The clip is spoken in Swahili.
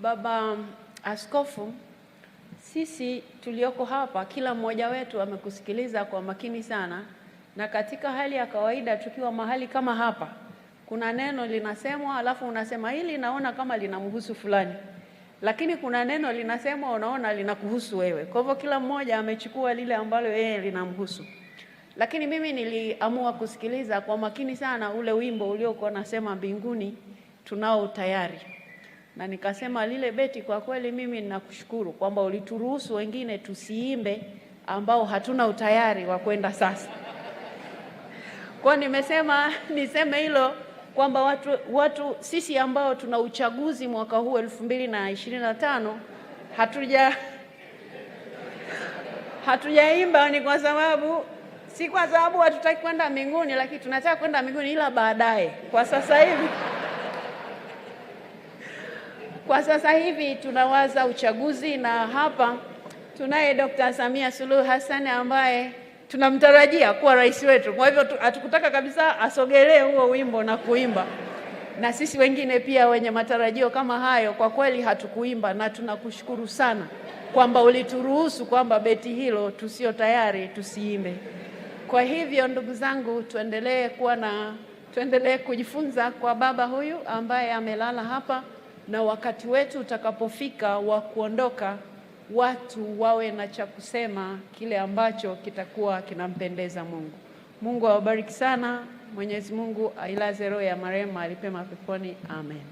Baba Askofu, sisi tulioko hapa, kila mmoja wetu amekusikiliza kwa makini sana, na katika hali ya kawaida tukiwa mahali kama hapa, kuna neno linasemwa, alafu unasema hili naona kama linamhusu fulani, lakini kuna neno linasemwa, unaona linakuhusu wewe. Kwa hivyo kila mmoja amechukua lile ambalo yeye linamhusu, lakini mimi niliamua kusikiliza kwa makini sana ule wimbo uliokuwa nasema, mbinguni tunao tayari na nikasema lile beti, kwa kweli mimi ninakushukuru kwamba ulituruhusu wengine tusiimbe ambao hatuna utayari wa kwenda sasa. Kwa nimesema niseme hilo kwamba watu, watu sisi ambao tuna uchaguzi mwaka huu elfu mbili na ishirini na tano hatuja hatujaimba ni kwa sababu si kwa sababu hatutaki kwenda mbinguni, lakini tunataka kwenda mbinguni, ila baadaye. Kwa sasa hivi kwa sasa hivi tunawaza uchaguzi, na hapa tunaye Dr. Samia Suluhu Hassan ambaye tunamtarajia kuwa rais wetu. Kwa hivyo hatukutaka kabisa asogelee huo wimbo na kuimba, na sisi wengine pia wenye matarajio kama hayo kwa kweli hatukuimba, na tunakushukuru sana kwamba ulituruhusu kwamba beti hilo tusio tayari tusiimbe. Kwa hivyo ndugu zangu, tuendelee kuwa na tuendelee kujifunza kwa baba huyu ambaye amelala hapa na wakati wetu utakapofika wa kuondoka, watu wawe na cha kusema kile ambacho kitakuwa kinampendeza Mungu. Mungu awabariki sana. Mwenyezi Mungu ailaze roho ya marehemu alipema peponi. Amen.